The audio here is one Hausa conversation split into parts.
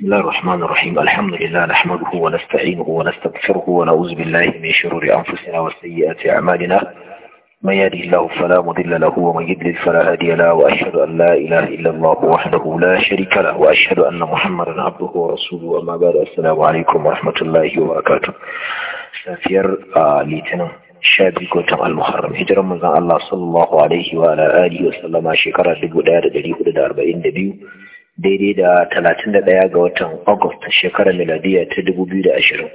بسم الله الرحمن الرحيم الحمد لله نحمده ونستعينه ونستغفره ونعوذ بالله من شرور أنفسنا وسيئات أعمالنا من يهده الله فلا مضل له ومن يضلل فلا هادي له وأشهد أن لا إله إلا الله وحده لا شريك له وأشهد أن محمدا عبده ورسوله أما بعد السلام عليكم ورحمة الله وبركاته سافير ليتنا shabi gotan al-muharram hijiran manzon Allah sallallahu alaihi wa ala alihi wa sallama shekara 1442 daidai da 31 ga watan August shekarar miladiya ta 2020.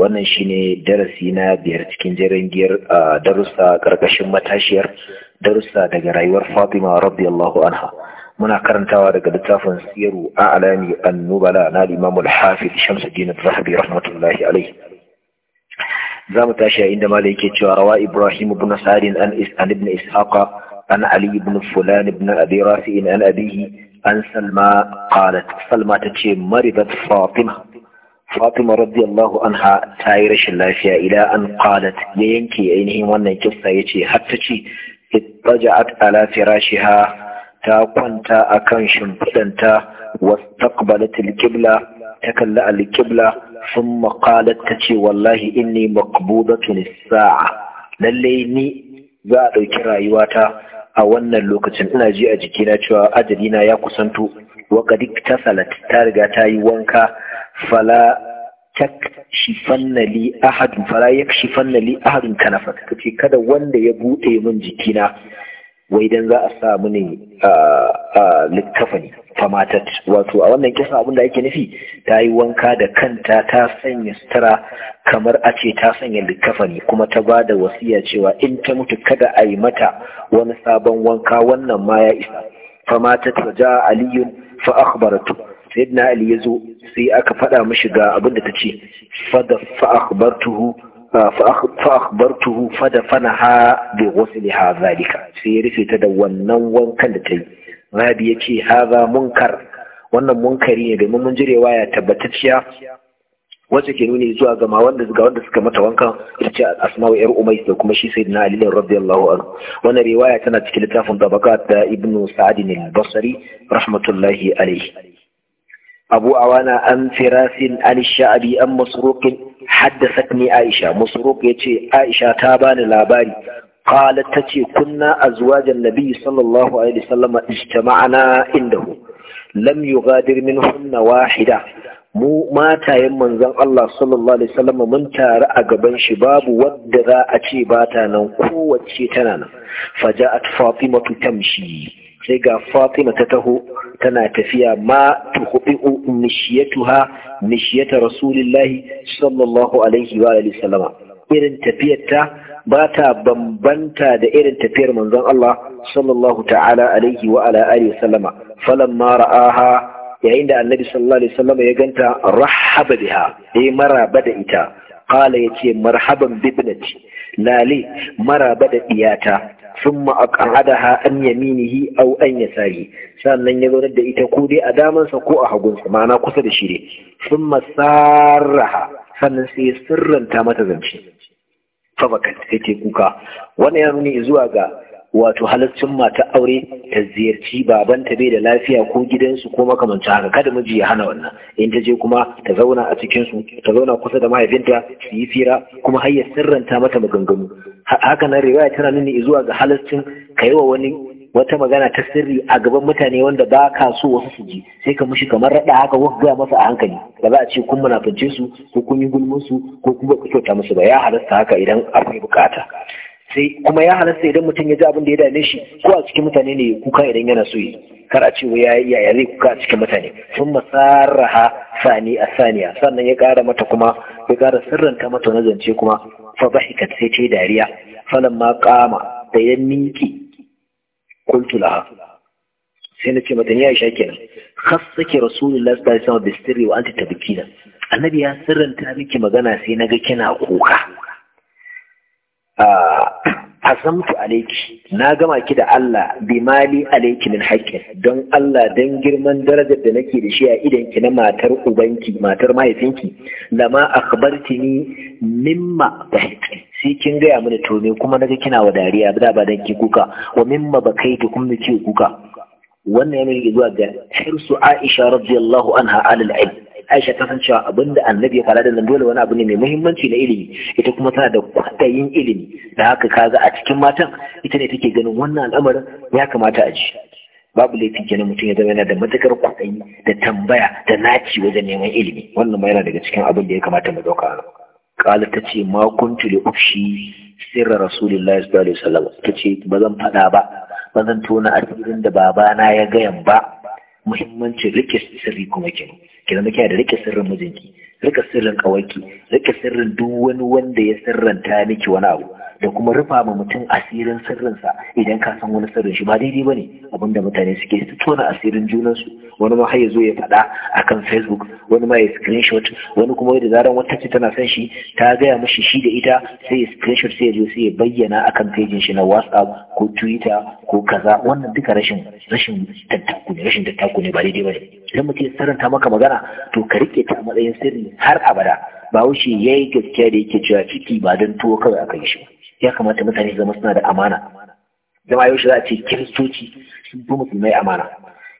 Wannan shine darasi na biyar cikin jirangiyar darussa ƙarƙashin matashiyar darussa daga rayuwar Fatima radiyallahu anha. Muna karantawa daga littafin Siru A'lami An-Nubala na Imam hafiz Shamsu Az-Zahabi rahmatullahi Za mu tashi a inda malai yake cewa rawa Ibrahim ibn Sa'id an Ibn Ishaqa an Ali ibn Fulan ibn Abi Rafi'in an abihi an salma qalat salma tace maridat fatima fatima anha ta yi rashin lafiya ila an qalat ya yanke ainihin wannan kissa yace har ta ce ittaja'at ala firashiha ta kwanta akan shimfidanta wastaqbalat alqibla ta kalla alqibla thumma qalat tace wallahi inni maqbudatun as-sa'a Lallai ni za a ɗauki rayuwata a wannan lokacin ina ji a jikina cewa ajalina ya kusanto wa ta salat ta riga ta yi wanka fala takshifanna li ahadun fala yakshifanna li ahadun kanafa kace kada wanda ya bude min jikina wai dan za a sa mini a littafa famatat wato a wannan kisa abin da ake nufi ta yi wanka da kanta ta sanya sutura kamar a ce ta sanya likafani kuma ta ba da wasiya cewa in ta mutu kada a yi mata wani sabon wanka wannan ma ya isa famatat wa ja aliyun fa akhbaratu sayyidina ali ya zo sai aka faɗa mishi ga abin da ta ce fa akhbartuhu rufe ta da wannan wankan da ta yi. rabi ya ce haza munkar wannan munkari ne domin mun jirewa ya tabbatacciya wacce ke nuni zuwa ga ma wanda ga wanda suka mata wankan ita ce asma'u yar umais da kuma shi sayyidina ali radiyallahu anhu wannan riwaya tana cikin littafin tabaqat da ibnu sa'd al-basri rahmatullahi alayhi abu awana an firasin an sha'abi an masruqin haddathatni aisha masruq yace aisha ta bani labari قالت تتي كنا أزواج النبي صلى الله عليه وسلم اجتمعنا عنده لم يغادر منهن واحدة mu matayen manzon Allah sallallahu alaihi wasallam mun tare a gaban shi babu wadda za a ce ba ta nan kowacce tana nan faja'at fatima tamshi sai ga fatima ta taho tana tafiya ma tuhbi'u mishiyatuha mishiyata rasulillahi sallallahu alaihi wa alihi wasallama irin tafiyarta ba ta bambanta da irin tafiyar manzon Allah sallallahu ta'ala alaihi wa ala alihi sallama ra'aha yayin da annabi sallallahu alaihi sallama ya ganta rahaba biha eh maraba da ita qala yace marhaban bibnati lale maraba da iyata ثم أقعدها أن يمينه أو أن يساره sannan ya zaunar da ita ko dai a damansa ko a hagunsa ma'ana kusa da shi ne sun masarraha sannan sai sirranta mata zance fabakat sai ta kuka wannan ya nuni zuwa ga wato halaccin mata aure ta ziyarci babanta bai da lafiya ko gidansu ko makamancin haka kada miji ya hana wannan in ta je kuma ta zauna a cikin su ta zauna kusa da mahaifinta su yi fira kuma har ya sirranta mata maganganu haka nan riwaya tana nuni zuwa ga halaccin ka wa wani wata magana ta sirri a gaban mutane wanda ba ka so wasu su ji sai ka mushi kamar raɗa haka wasu gaya masa a hankali ba za a ce kun munafince su ko kun yi gulmin su ko kuma ku kyauta musu ba ya halasta haka idan akwai bukata sai kuma ya halasta idan mutum ya ji abin da ya dame shi ko a cikin mutane ne kuka idan yana so yi kar a ce wa ya yaya zai kuka a cikin mutane sun masaraha sani a saniya sannan ya kara mata kuma ya kara sirranta mata na zance kuma fa bahikat sai ce dariya falan ma kama da ya minki qultu laha sai na ce mata ni Aisha kenan khassaki rasulullahi sallallahu alaihi wasallam bisirri wa anti tabkina annabi ya sirranta miki magana sai naga kina kuka azamtu alaiki na gama ki da Allah bi mali alaiki min haƙƙin don Allah don girman darajar da nake da shi a idan ki na matar ubanki matar mahaifinki lama akhbartini mimma bahiqi sai kin gaya mini to kuma naga kina wa dariya da ba dan ki kuka wa mimma bakaitu kuma ki kuka wannan yana zuwa ga hirsu Aisha radiyallahu anha alal ilm aisha ta san cewa abin da annabi ya fara da nan dole wani abu ne mai muhimmanci na ilimi ita kuma tana da kwaɗayin ilimi da haka ka kaga a cikin matan ita ne take ganin wannan al'amarin ya kamata a ji babu laifin kenan mutum ya zama yana da matukar kwaɗayi da tambaya da naci wajen neman ilimi wannan ma yana daga cikin abin da ya kamata mu ɗauka a kala ta ce ma kuntu li ufshi sirra rasulillahi sallallahu alaihi wasallam ta ce ba zan faɗa ba ba zan tona asirin da babana ya gayan ba muhimmancin rike sirri kuma kenan ki zama kina da rike sirrin mijinki rike sirrin kawarki rike sirrin duk wani wanda ya sirranta miki wani abu da kuma rufa ma mutum asirin sirrinsa idan ka san wani sirrin shi ba daidai ba ne abinda mutane suke su tona asirin junansu wani ma har ya zo ya faɗa akan facebook wani ma ya screenshot wani kuma da zaran wata ce tana son shi ta gaya mashi shi da ita sai ya screenshot sai ya zo sai ya bayyana a kan pejin shi na whatsapp ko twitter ko kaza wannan duka rashin rashin tattaku ne rashin tattaku ne ba daidai ba ne idan mutum ya saranta maka magana to ka riƙe ta a matsayin sirri har abada ba wuce ya yi gaskiya da yake cewa ciki ba don tuwo kawai aka yi shi ba ya kamata mutane zama suna da amana zama yau shi za a ce kiristoci sun fi musulmai amana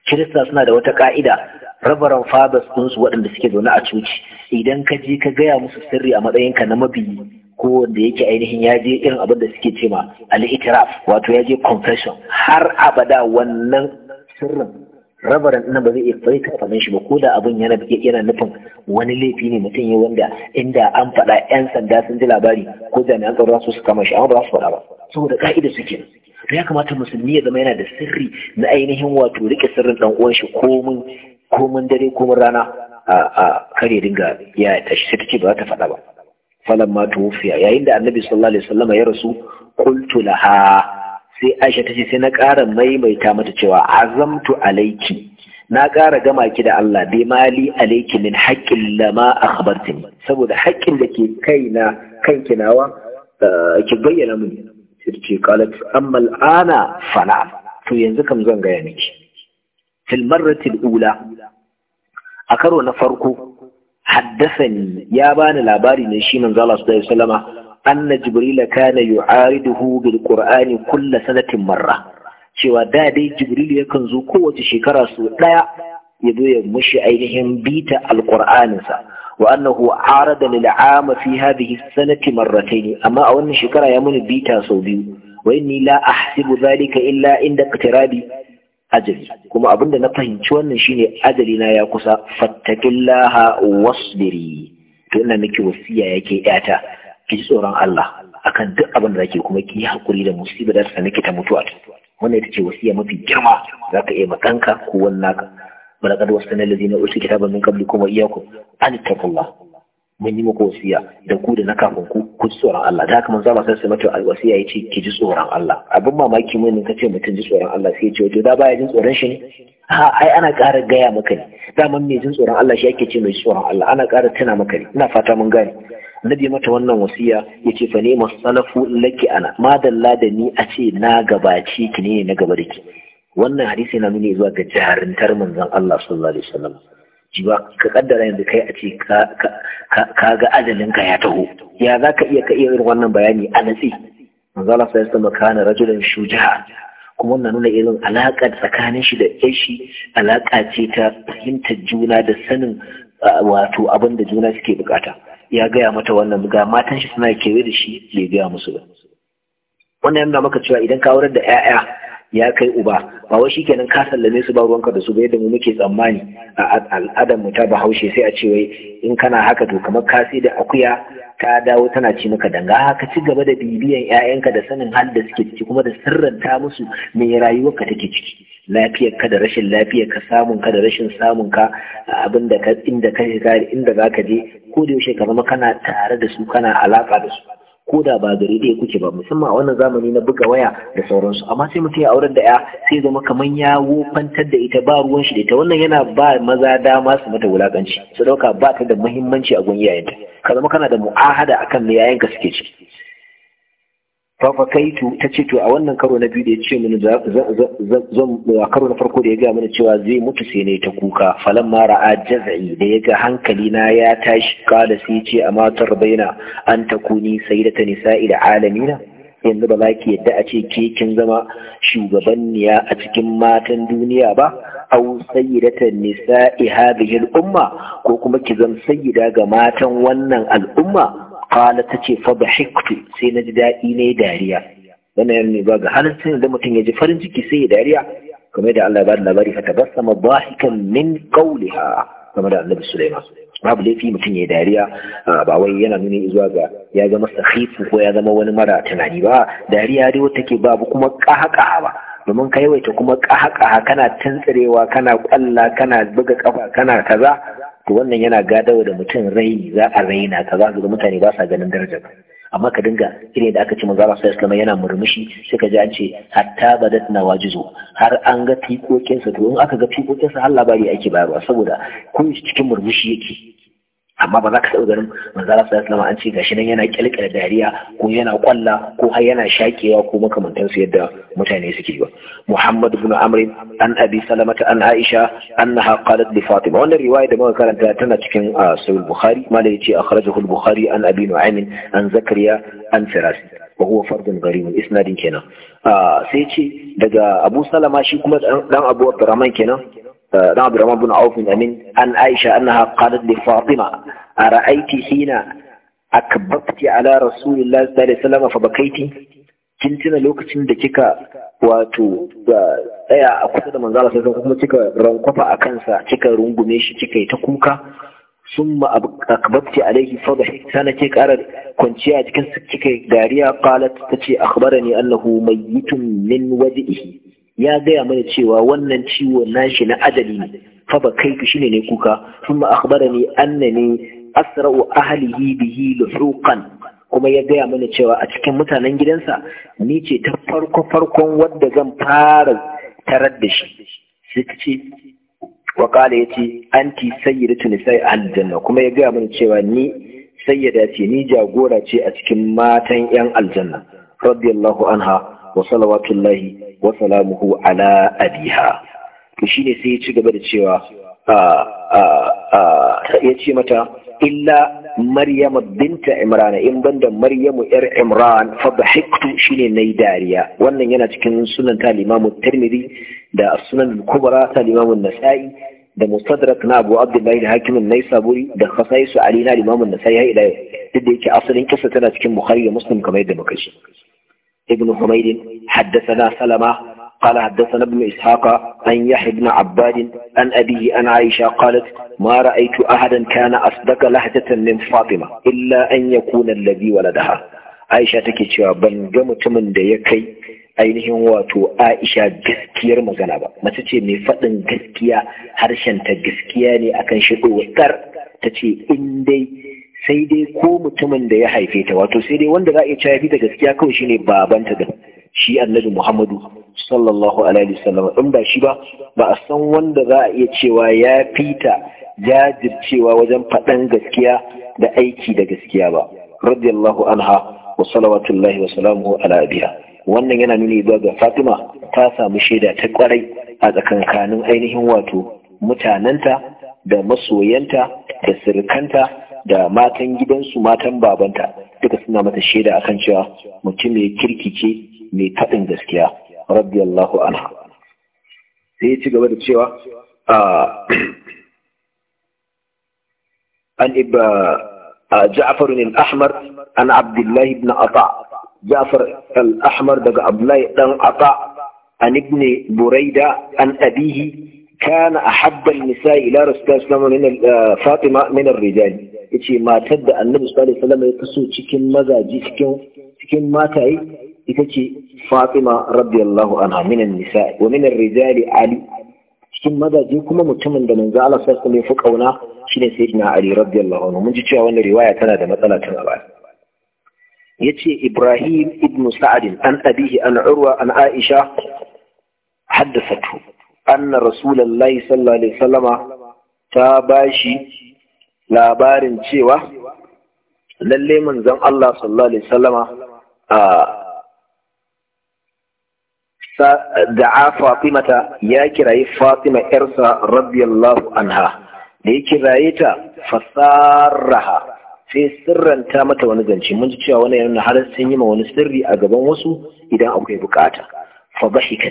kirista suna da wata ka'ida rabaran sun ɗinsu waɗanda suke zaune a coci idan ka je ka gaya musu sirri a matsayinka na mabiyi ko wanda yake ainihin ya je irin abin da suke ce ma itiraf wato ya je confession har abada wannan sirrin rabaran nan ba zai iya bai ta faɗin shi ba ko da abin yana yana nufin wani laifi ne mutum ya wanda inda an faɗa yan sanda sun ji labari ko jami'an tsaro su su kama shi amma ba za su faɗa ba saboda ka'ida suke to ya kamata musulmi ya zama yana da sirri na ainihin wato rike sirrin dan uwan shi komun komun dare komun rana a kare dinga ya tashi sai ta ce ba za ta faɗa ba falan ma tuwfiya yayin da annabi sallallahu alaihi wasallam ya rasu qultu laha sai aisha ta ce sai na ƙara maimaita mata cewa azamtu alaiki na ƙara gama ki da Allah bai mali alaiki min haƙƙin lama akhbartini saboda haƙƙin da ke kai kanki nawa eh, ki bayyana mun sai ce qalat amma al'ana fana to yanzu kam zan gaya miki fil marratil ula a karo na farko haddasani ya bani labari ne shi manzo Allah sallallahu alaihi wasallama anna jibril kana yu'ariduhu bil qur'ani kulla sanatin marra cewa da dai jibril yakan zo kowace shekara su daya ya zo ya mushi ainihin bita alqur'anin sa wa annahu arada lil 'ama fi hadhihi sanati marratayn amma a wannan shekara ya muni bita sau biyu wa inni la ahsibu dhalika illa inda iqtirabi ajali kuma abinda na fahimci wannan shine ajali na ya kusa fattakillaha wasbiri to ina miki wasiya yake yata ki tsoron Allah akan duk abin da zake kuma ki hakuri da musibar da ta nake ta mutuwa wannan ita ce wasiya mafi girma zaka iya makanka ko wannaka balaqad wasana allazina utul kitaba min qablikum kuma iyyakum an taqullah mun yi muku wasiya da ku da na kafin ku ku ji tsoron Allah da haka manzo Allah sai mata alwasiya yace ki ji tsoron Allah abin mamaki mun ne kace mutum ji tsoron Allah sai ya ce to da baya jin tsoron shi ne ha ai ana ƙara gaya maka ne daman mai jin tsoron Allah shi yake ce mai tsoron Allah ana ƙara tana maka ne ina fata mun gane annabi mata wannan wasiya yace fa ne masalafu laki ana madalla da ni a ce na gabaci ki ne na gaba da ki wannan hadisi na nuni zuwa ga jarintar manzon Allah sallallahu alaihi wasallam ji ba ka kaddara yanzu kai a ce ka ga ajalin ka ya taho ya zaka iya ka iya irin wannan bayani a natsi manzon Allah sallallahu alaihi wasallam kana rajulan shuja'a kuma wannan nuna irin alaƙa tsakanin shi da yashi alaƙa ce ta fahimtar juna da sanin wato abin da juna suke bukata ya gaya mata wannan ga matan shi suna kewaye da shi ya gaya musu ba wannan yana maka cewa idan ka wurar da 'ya'ya ya kai uba ba wai kenan ka sallame su ba ruwanka da su ba yadda mu muke tsammani a al'adar mu ta bahaushe sai a cewa in kana haka to kamar ka sai da akuya ta dawo tana ci maka danga Ka ci gaba da bibiyan 'ya'yanka da sanin hal da suke ciki kuma da sirranta musu me rayuwarka take ciki lafiyar ka da rashin lafiyar ka samun ka da rashin samun ka abin da ka inda ka shiga inda za ka je ko da yaushe ka zama kana tare da su kana alaka da su ko da ba gari da kuke ba musamman a wannan zamani na buga waya da sauransu amma sai mutum ya auren da ya sai zama kamar ya wofantar da ita ba ruwan shi da ita wannan yana ba maza dama su mata wulakanci su dauka ba ta da muhimmanci a gun iyayenta ka zama kana da mu'ahada akan me yayanka suke ciki fafakaitu ta ce to a wannan karo na biyu da ya ce mini zan a karo na farko da ya gaya mana cewa zai mutu sai ne ta kuka falan mara a jaz'i da ya ga hankali na ya tashi kala sai ce a matar baina an ta kuni sai da ta nisa'i da alamina yanzu ba za ki yadda a ce ke kin zama shugabanniya a cikin matan duniya ba au sayyidata nisa'i hadhihi al-umma ko kuma ki zama sayyida ga matan wannan al'umma ta ce fa dhahiktu sai na ji daɗi ne dariya wannan yana ne ba ga halaccin da mutum ya ji farin ciki sai ya dariya kamar da Allah ya bada labari fa tabassama dhahikan min qawliha kamar da Annabi Sulaiman babu laifi mutum ya dariya ba wai yana nuni zuwa ga ya zama sahifu ko ya zama wani mara tunani ba dariya dai wata ke babu kuma kahakaha ba domin ka yawaita kuma kahakaha kana tantsarewa, kana kwalla kana buga kafa kana kaza to wannan yana gadawa da mutum raini za a raina ka za ga mutane ba sa ganin daraja, amma ka dinga irin da aka ce manzo Allah sallallahu yana murmushi sai ka ji an ce hatta badat nawajizu har an ga fikokinsa to in aka ga sa har labari ake bayarwa saboda kun cikin murmushi yake amma ba za ka taɓa ganin Manzara sallallahu an ce gashi nan yana kyalkyala dariya ko yana kwalla ko har yana shakewa ko makamantansu yadda mutane suke ba muhammad ibn amr an abi salamata an aisha annaha qalat li fatima wannan riwaya da muka karanta tana cikin ah, sahih bukhari malai yace akhrajahu al-bukhari an abi nu'aym an zakariya an firasi wa huwa fardun gharib isnadin kenan ah, sai ce daga abu salama shi kuma dan abu abdurrahman kenan na Abdurrahman bin Amin an Aisha annaha qalat li Fatima ara'aiti hina akbabti ala Rasulillahi sallallahu alaihi wasallam fa bakaiti lokacin da kika wato tsaya kusa da manzala sai kuma kika rankwafa a kansa kika rungume shi kika yi ta kuka ثم أقبضت عليه فضحكت أنا كيك أرد كنت يا كنت كيك داريا قالت تتي أخبرني أنه ميت من وجئه ya gaya mana cewa wannan ciwo nashi na ajali ne fa ba kai shine ne kuka kuma akhbarani annani asra'u ahlihi bihi luhuqan kuma ya gaya mana cewa a cikin mutanen gidansa ni ce ta farko farkon wadda zan fara tarar da shi sai ta ce wa kala ya ce anti sayyidatu nisa'i aljanna kuma ya gaya mana cewa ni sayyada ce ni jagora ce a cikin matan yan aljanna radiyallahu anha wa salawatullahi wasalamuhu ala abiha to shine sai ya ci gaba da cewa ya ce mata illa maryam binta imran in banda Maryam yar imran fa dhahiktu shine nay dariya wannan yana cikin sunan ta limamu tirmidhi da sunan kubra ta limamu nasa'i da mustadrak na abu abdullahi da hakimin nai saburi da khasaisu ali na limamu nasa'i ila yau duk da yake asalin kisa tana cikin bukhari da muslim kamar yadda muka ce ابن حميد حدثنا سلمة قال حدثنا ابن إسحاق عن يحيى بن عباد عن أبيه عن عائشة قالت ما رأيت أحدا كان أصدق لهجة من فاطمة إلا أن يكون الذي ولدها عائشة تكي بان جمت من ديكي ainihin wato Aisha gaskiyar magana ba mace ce mai faɗin gaskiya harshenta gaskiya ne akan shigo wutar ta ce in dai sai dai ko mutumin da ya haife ta wato sai dai wanda za a iya ci haife ta gaskiya kawai shine babanta da shi annabi Muhammadu sallallahu alaihi wasallam in ba shi ba ba a san wanda za a iya cewa ya fita jajircewa wajen faɗan gaskiya da aiki da gaskiya ba radiyallahu anha wa salawatullahi wa ala wannan yana nuni zuwa ga Fatima ta samu shaida ta kwarai a tsakankanin ainihin wato mutananta da masoyanta da sirikanta. da matan gidansu matan babanta duka suna mata shaida akan cewa mutum mai kirki ce mai taɗin gaskiya radiyallahu anha sai ya ci gaba da cewa an iba ja'far al-ahmar an abdullahi ibn ata ja'far al-ahmar daga abdullahi dan ata an ibn buraida an abihi كان أحب النساء إلى رسول الله صلى الله عليه وسلم آه، فاطمة من الرجال إتي ما تد النبي صلى الله عليه وسلم يقصو تكين مذا جي تكين تكين ما تأي إتي فاطمة رضي الله عنها من النساء ومن الرجال علي تكين مذا جي كما متمن دمن زعل صلى الله عليه وسلم شنو سيدنا علي رضي الله عنه من جيتشي أولا رواية أنا دمت مثلا كان يتي إبراهيم ابن سعد عن أبيه أن عروة أن عائشة حدثته anna rasulullahi sallallahu alaihi wasallama ta bashi labarin cewa lalle manzon Allah sallallahu alaihi wasallama da'a ta ya kirayi Fatima ‘yarsa radiyallahu anha, da ya kiraye ta fasaraha sai sirranta mata wani zance, mun ji cewa wani yana har sun yi ma wani sirri a gaban wasu idan akwai bukata. fa sai ta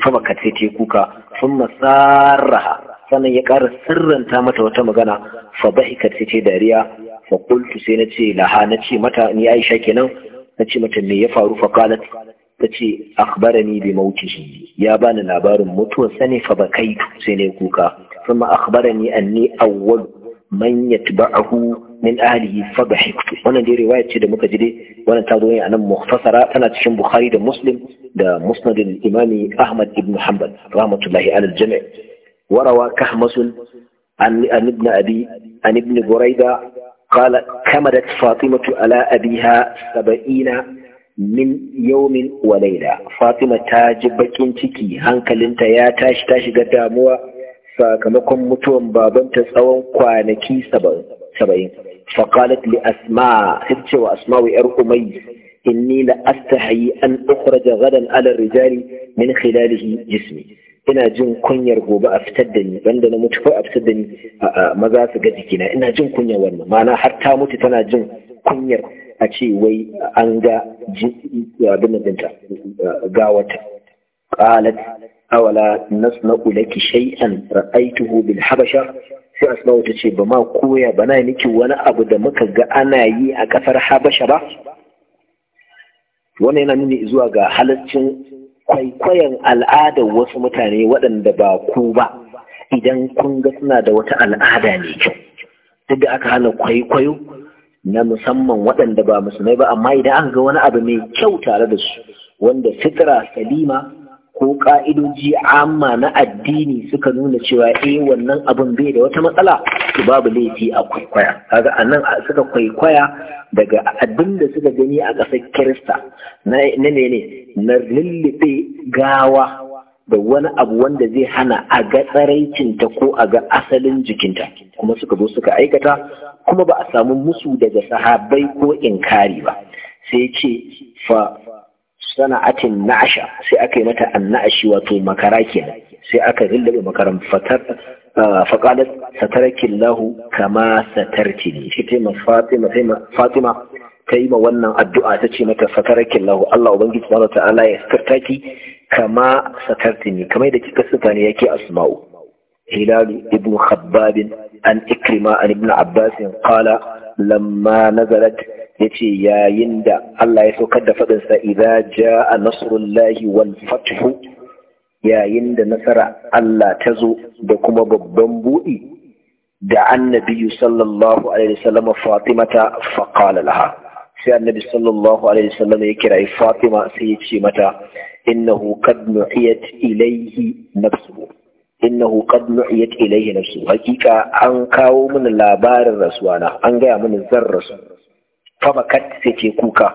fa sai ta kuka thumma sarraha sannan ya ƙara sirranta mata wata magana fa sai ta dariya fa qultu sai na ce laha na ce mata ni Aisha kenan na ce mata me ya faru fa qalat ta ce akhbarani bi mautihi ya bani labarin mutuwar sani fa bakaitu sai na kuka thumma akhbarani anni awwal man yatba'ahu min ahlihi fadhik wannan dai riwaya ce da muka ji dai wannan ta zo ne a nan mukhtasara tana cikin bukhari da muslim da musnad al-imami ahmad ibn hanbal rahmatullahi ala al-jami' warawa kahmas an ibn abi an ibn buraida قال كمدت فاطمة على min yaumin wa fatima ta ji bakin ciki hankalinta ya tashi ta shiga damuwa sakamakon mutuwan babanta tsawon kwanaki saba'in فقالت لأسماء هبت وأسماء أرقمي إني لأستحي أن أخرج غدا على الرجال من خلاله جسمي ina jin kunyar gobe a fitar da ni banda na mutu kawai a fitar da ni maza su ga jikina ina jin kunyar wannan ma'ana har ta mutu tana jin kunyar a ce wai an ga abin dinta gawata qalat awala nasna'u laki shay'an ra'aytuhu bil habasha sai asma'u ta ce ba ma koya ba na niki wani abu da muka ga ana yi a kasar habasha ba wannan yana nuni zuwa ga halaccin kwaikwayon al'adar wasu mutane waɗanda ba ku ba idan kun ga suna da wata al'ada ne kyau duk da aka hana kwaikwayo na musamman waɗanda ba musulmai ba amma idan aka ga wani abu mai kyau tare da su wanda fitra salima ko ka'idoji amma na addini suka nuna cewa eh wannan abin bai da wata matsala to babu laifi a kwaikwaya kaga anan suka kwaikwaya daga abin da suka gani a ƙasar kirista na ne na lullube gawa da wani abu wanda zai hana a ga tsaraicinta ko a ga asalin jikinta kuma suka zo suka aikata kuma ba a samu musu daga sahabai ko inkari ba sai ce fa sana'atin na'asha sai aka yi mata annashi wato makara kenan sai aka rillabe makaran fatar faqalat sataraki Allah kama satartini shi ta Fatima Fatima ta yi ma wannan addu'a ta ce mata sataraki Allah Allah ubangiji subhanahu ta'ala ya satartaki kama satartini kamar da kika suka ne yake asma'u hilalu ibn khabbab an ikrima an ibn abbas qala lamma nazalat yace yayin da Allah ya saukar da faɗinsa sa idza jaa nasrullahi wal fathu yayin da nasara Allah ta zo da kuma babban buɗi da annabi sallallahu alaihi wasallam Fatimata faqala laha sai annabi sallallahu alaihi wasallam ya kira Fatima sai ya ce mata innahu qad ilaihi ilayhi nafsuhu innahu qad nu'iyat ilayhi nafsuhu hakika an kawo mini labarin rasuwa na an gaya mini zan rasu fabakat sai ce kuka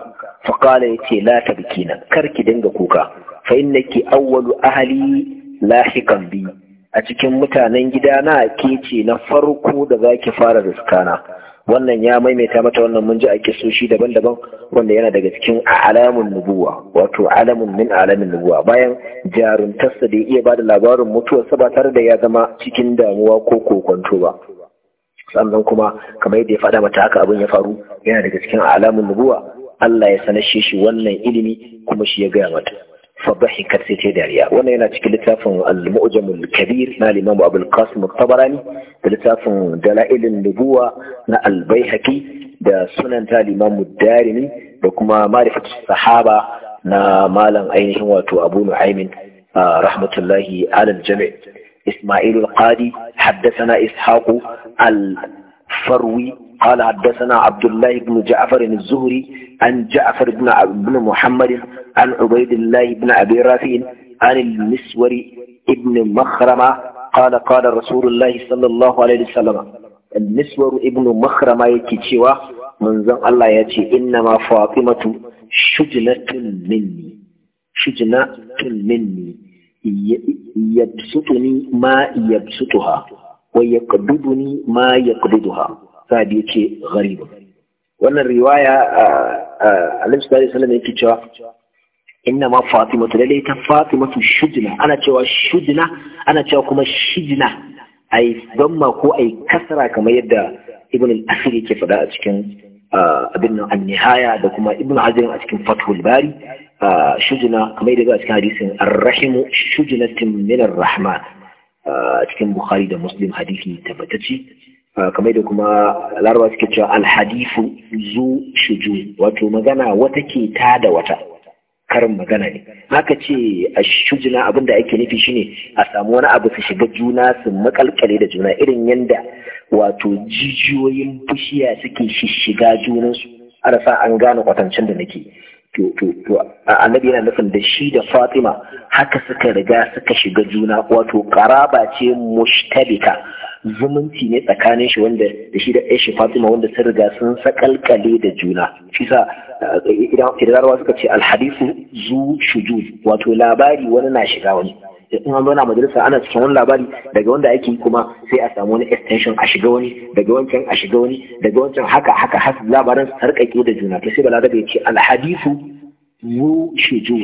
faƙala ya ce la tabki nan kar ki dinga kuka fa innaki awwalu ahli lahiqan bi a cikin mutanen gida ke ce na farko da zaki fara riskana wannan ya maimaita mata wannan mun ji a kisoshi daban-daban wanda yana daga cikin alamun nubuwa wato alamun min alamin nubuwa bayan jaruntarsa da ya iya bada labarin mutuwarsa ba da ya zama cikin damuwa ko kokonto ba sannan kuma kamar yadda ya faɗa mata haka abin ya faru yana daga cikin alamun nubuwa Allah ya sanashe shi wannan ilimi kuma shi ya gaya mata fa bahikat sai ta dariya wannan yana cikin littafin al-mu'jamul kabir na al-imamu abul tabarani da littafin dala'ilin nubuwa na al-baihaqi da sunan ta darimi da kuma ma'rifatu sahaba na malam ainihin wato abu nu'aymin rahmatullahi ala al-jami' إسماعيل القاضي حدثنا إسحاق الفروي قال حدثنا عبد الله بن جعفر الزهري عن جعفر بن بن محمد عن عبيد الله بن أبي رافع عن المسور ابن مخرمة قال قال رسول الله صلى الله عليه وسلم المسور ابن مخرمة يكتشوا من زن الله يتي إنما فاطمة شجنة مني شجنة مني yabsutuni ma yabsutuha wa yaqbiduni ma yaqbiduha sabi yace gharib wannan riwaya Annabi sallallahu alaihi wasallam yake cewa inna ma fatimatu lalle ta fatimatu shujna ana cewa shujna ana cewa kuma shijna ai damma ko ai kasra kamar yadda ibn al-asir yake faɗa a cikin abin nan an-nihaya da kuma ibn hajar a cikin fathul bari shujina kamar yadda a cikin hadisin arrahimu shujinatin min a cikin bukhari da muslim hadisi tabbatacci kamar da kuma larabawa suke cewa alhadifu zu shuju wato magana wata ke ta da wata karin magana ne haka ce a shujina abinda ake nufi shine a samu wani abu su shiga juna su makalkale da juna irin yanda wato jijiyoyin bishiya suke shiga junansu sa an gane kwatancin da nake to to to annabi yana nufin da shi da Fatima haka suka riga suka shiga juna wato karaba ce mushtabika zumunci ne tsakanin shi wanda da shi da shi Fatima wanda sun riga sun sakalkale da juna shi sa idan suka ce alhadisu zu shujud wato labari wani na shiga wani in an zauna majalisa ana cikin wani labari daga wanda ake kuma sai a samu wani extension a shiga wani daga wancan a shiga wani daga wancan haka haka har labaran sarƙaƙe da juna to sai balaga ya ce alhadisu mu shiju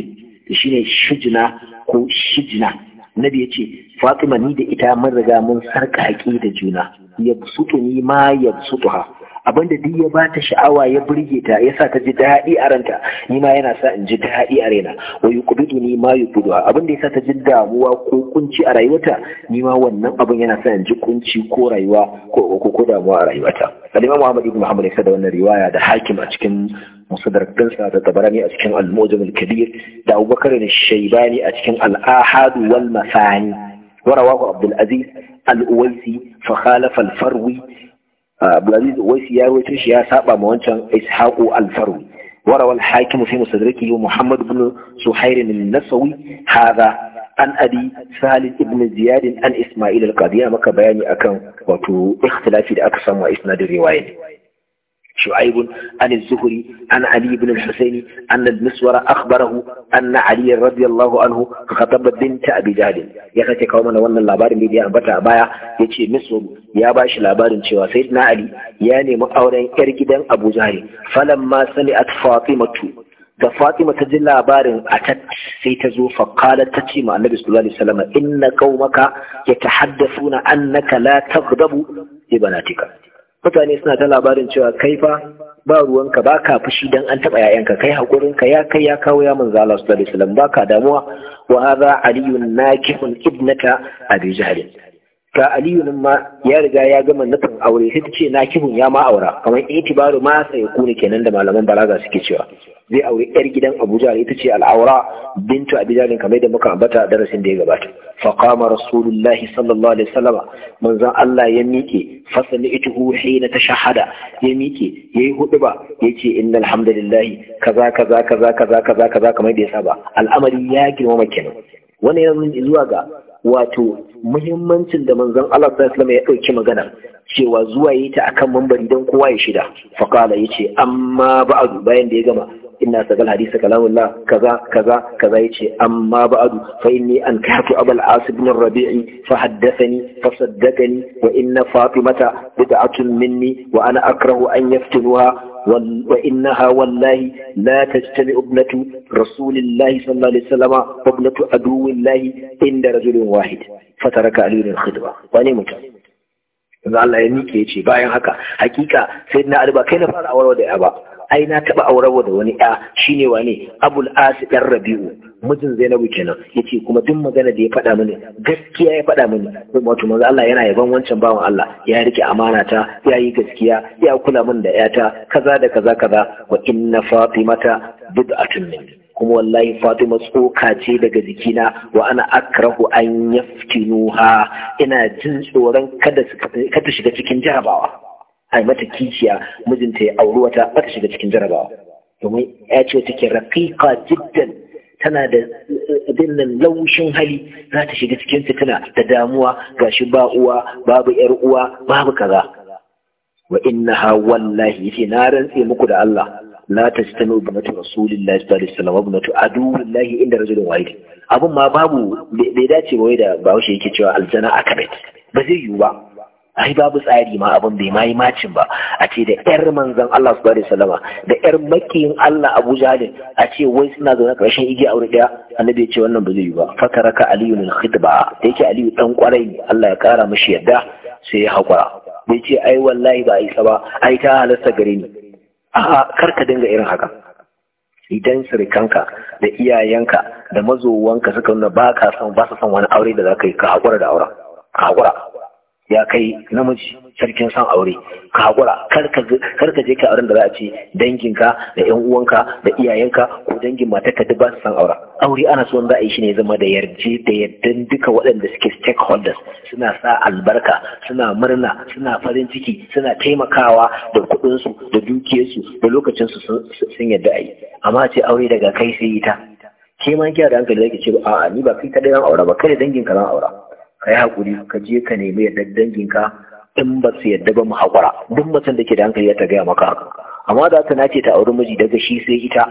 shine shijina ko shijina nabi ya ce fatima ni da ita mun riga mun sarƙaƙe da juna yabsutu ni ma yabsutuha da duk ya bata sha'awa ya burge ta ya sa ta ji daɗi a ranta ni ma yana sa in ji daɗi a raina wa yuqbidu ni ma yuqbidu da ya sa ta ji damuwa ko kunci a rayuwata ni ma wannan abin yana sa in ji kunci ko rayuwa ko ko damuwa a rayuwata al-Imam Muhammad ibn Muhammad ya da wannan riwaya da Hakim a cikin Musaddarak da Tabarani a cikin Al-Mu'jam al-Kabir da Abubakar al shaibani a cikin Al-Ahad wal Masani al uwaisi العزيز الأويسي فخالف الفروي Abdulaziz Waisi ya rubuce shi ya saba ma wancan Ishaqu Al-Farwi wara wal hakim fi musadrakihi Muhammad ibn Suhayr min Nasawi hadha an adi Salih ibn Ziyad an Isma'il Al-Qadiyani maka bayani akan wato ikhtilafi da aka samu a isnadin riwaya ne شعيب عن الزهري عن علي بن الحسين أن المسور أخبره أن علي رضي الله عنه خطب بنت أبي جهل يكتي قوما وأن اللابار بيدي أنبتا أبايا يتي مسور يا باش لابار شوى سيدنا علي يعني مؤورين إرقدا أبو جهل فلما سمعت فاطمة da Fatima ta ji labarin a ta sai ta zo faƙalar ta ce ma annabi sallallahu alaihi wasallam inna qaumaka yatahaddasuna annaka la taghdabu ibanatika mutane suna ta labarin cewa kai fa ba ruwanka ba ka fushi dan an taba yayanka kai hakurinka ya kai ya kawo ya manzo Allah sallallahu alaihi wasallam ba ka damuwa wa hadha aliyun nakihun ibnata abi jahl ga aliyu nan ma ya riga ya gama nufin aure sai ta ce na kihun ya ma aura kamar itibaru ma sai ya kune kenan da malaman balaga suke cewa zai aure yar gidan abuja ita ce al'aura bintu abijalin kamar da muka ambata a darasin da ya gabata fa qama rasulullah sallallahu alaihi wasallam manzon Allah ya miƙe ita ituhu hina tashahada ya miƙe yayi huduba yace innal hamdalillah kaza kaza kaza kaza kaza kaza kamar da ya saba al'amari ya girmama kenan wannan yanzu zuwa ga wato muhimmancin da manzon Allah sallallahu ya dauki magana cewa zuwa yi ta akan mambari don kowa ya shida faqala yace amma ba'du bayan da ya gama inna sagal hadisa kalamullah kaza kaza kaza yace amma ba'du fa inni ankahtu abul as ibn rabi'i fa haddathani fa saddaqani wa inna fatimata bid'atun minni wa ana akrahu an yaftinuha وإنها والله لا تجتمع ابنة رسول الله صلى الله عليه وسلم وابنة عدو الله عند رجل واحد فترك علي الخطبة وأنا متى yanzu Allah ya mike ya ce bayan haka hakika sai na alba kai na fara awar da ya ba ai na taba aurewa da wani ya shine wane abul asi dan rabi'u mijin zainabu kenan Ya ce kuma duk magana da ya faɗa mini gaskiya ya faɗa mini wato manzo Allah yana yaban wancan bawan Allah ya rike amana ta ya yi gaskiya ya kula min da yata kaza da kaza kaza wa inna fatimata bid'atun minni kuma wallahi Fatima tsoka ce daga jikina wa ana akrahu an yaftinuha ina jin tsoron kada shiga cikin jarabawa a mata kishiya mijinta ya auri wata ba ta shiga cikin jarabawa domin ya ce take raƙiƙa jiddan tana da dinnan laushin hali za ta shiga cikin fitina da damuwa shi ba uwa babu yar uwa babu kaza wa innaha wallahi yace na rantse muku da Allah la tajtanu bi mata rasulillahi sallallahu alaihi wasallam ibnatu aduwillahi inda rajulun wahid abun ma babu bai dace ba wai da bawo yake cewa aljana akabet ba zai yiwu ba ai babu tsari ma abin bai mai macin ba a ce da yar manzon Allah subhanahu wa sallama da yar makiyin Allah Abu Jahl a ce wai suna zaune karshen igiya aure daya annabi ya ce wannan ba zai yi ba fakaraka aliyu lil khidba da yake aliyu dan kwarai ne Allah ya kara mishi yadda sai ya hakura bai ce ai wallahi ba isa saba. ai ta halasta gare ni a'a kar ka dinga irin haka idan sirikanka da iyayenka da mazowanka suka nuna ba ka son ba su son wani aure da za ka yi ka hakura da auren ka hakura ya kai namiji sarkin san aure ka hakura kar ka je ka auren da za a ce danginka da yan uwanka da iyayenka ko dangin matarka duk ba su san aura aure ana so za a yi shi ne zama da yarje da yardan duka waɗanda suke stakeholders suna sa albarka suna murna suna farin ciki suna taimakawa da kuɗinsu da dukiyarsu da lokacinsu sun yarda a yi amma ce aure daga kai sai ita ke ma kiyar da hankali zaki ce a'a ni ba kai kaɗai zan aura ba kai da danginka zan aura ka yi haƙuri ka je ka nemi yadda danginka in ba su yadda ba mu haƙura duk mutum da ke da hankali ya ta gaya maka amma za ta nace ta auri miji daga shi sai ita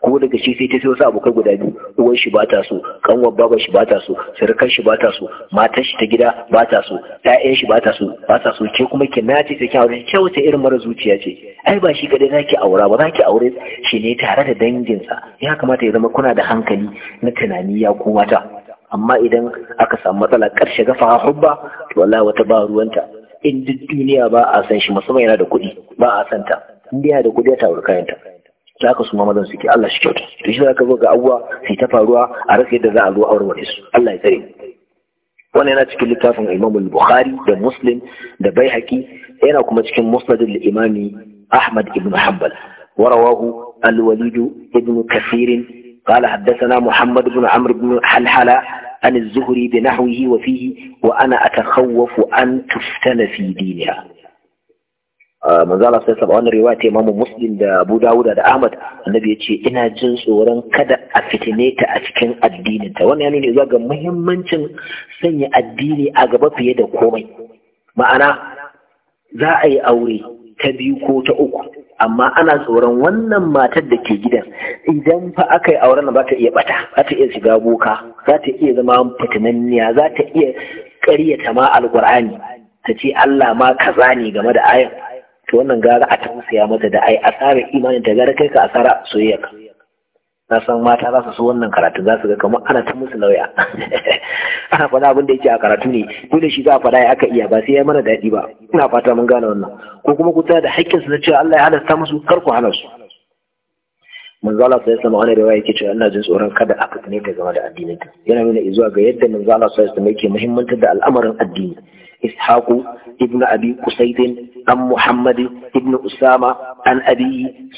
ko daga shi sai ta sai wasu abokai guda biyu uwar shi ba ta so kanwar baba shi ba ta so sirkar shi ba ta so matar shi ta gida ba ta so ƴaƴan shi ba ta so ba ta so ke kuma ki nace ta ki aure ke irin mara zuciya ce ai ba shi kadai zaki aura ba zaki aure shi ne tare da danginsa ya kamata ya zama kuna da hankali na tunani ya ku mata amma idan aka samu matsala karshe gafa hubba to wallahi wata ba ruwanta in duk duniya ba a san shi musamman yana da kuɗi ba a santa, ta in dai da kuɗi ta wuri kayanta za ka suma mazan suke Allah shi kyauta to shi za ka zo ga abuwa sai ta faruwa a rasa yadda za a zo aure su Allah ya tsare wannan yana cikin littafin Imam Bukhari da Muslim da Baihaqi yana kuma cikin Musnad al-Imami Ahmad ibn Hanbal al الوليد Ibn كثير قال حدثنا محمد بن عمرو بن حلحلة عن الزهري بنحوه وفيه وأنا أتخوف أن تفتن في دينها manzo Allah saba wannan riwaya ta Imam da Abu Dawud da Ahmad annabi yace ina jin tsoron kada a fitine a cikin addininta. ta wannan yana ne zuwa ga muhimmancin sanya addini a gaba fiye da komai ma'ana za a yi aure ta biyu ko ta uku amma ana tsoron wannan matar da ke gidan idan fa aka yi auren ba ta iya bata za ta iya shiga boka za ta iya zama fitinanniya za ta iya ƙaryata ma alƙur'ani ta ce Allah ma kaza ne game da ayan to wannan gara a tausaya mata da ai asara imanin ta gara kai ka asara soyayya na san mata za su so wannan karatu za su ga kamar ana ta musu lauya ana faɗa abin da yake a karatu ne da shi za a faɗa ya aka iya ba sai ya mana daɗi ba ina fata mun gane wannan ko kuma ku da haƙƙinsu na cewa Allah ya halasta musu kar ku hana su manzala sai sama wani riwaya yake cewa ina jin tsoron kada a fitne ta game da addinin ta yana nuna izuwa ga yadda manzala sai sama yake muhimmantar da al'amarin addini ishaqu ibnu abi qusayd muhammad ibnu usama an abi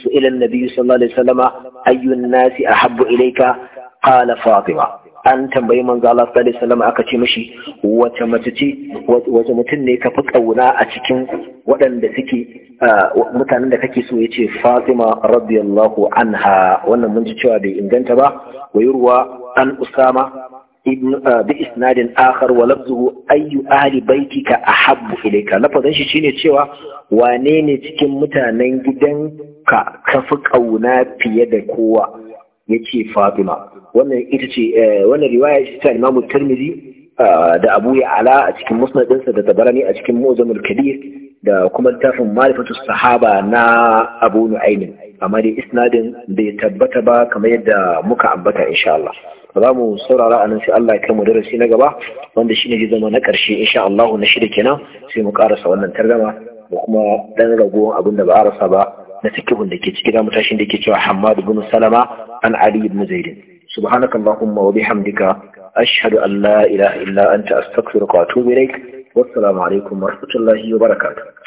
su'ila an-nabi sallallahu alaihi wasallama ayyun nasi ahabbu ilayka qala fatima an tambayi manzo Allah sallallahu alaihi wasallam aka ce mishi wace mace ce wace mutum ne ka fi kauna a cikin waɗanda suke mutanen da kake so yace Fatima radiyallahu anha wannan mun ji cewa bai inganta ba wayurwa an Usama ibn bi isnadin akhar wa lafzuhu ayu ahli baitika ahabbu ilayka lafazin shi shine cewa wane ne cikin mutanen gidanka ka fi kauna fiye da kowa yace Fatima wannan ita ce eh, wannan riwaya ita ta Imam Tirmidhi eh, da Abu Ya'la a cikin musnadinsa da Tabarani a cikin Mu'jamul Kabir da kuma littafin Ma'rifatu Sahaba na Abu Nu'aym amma dai isnadin bai tabbata ba kamar yadda muka ambata insha Allah za mu saurara a nan sai Allah ya kai mu darasi na gaba wanda shine zai zama na karshe insha Allah na shida kenan sai mu karasa wannan targama da kuma dan ragowar abin da ba a rasa ba na cikin da ke cikin mutashin da ke cewa Hammad ibn Salama an Ali ibn Zaid subhanaka allahumma wa bihamdika ashhadu an la ilaha illa anta astaghfiruka wa atubu ilaik wassalamu alaikum wa rahmatullahi wa barakatuh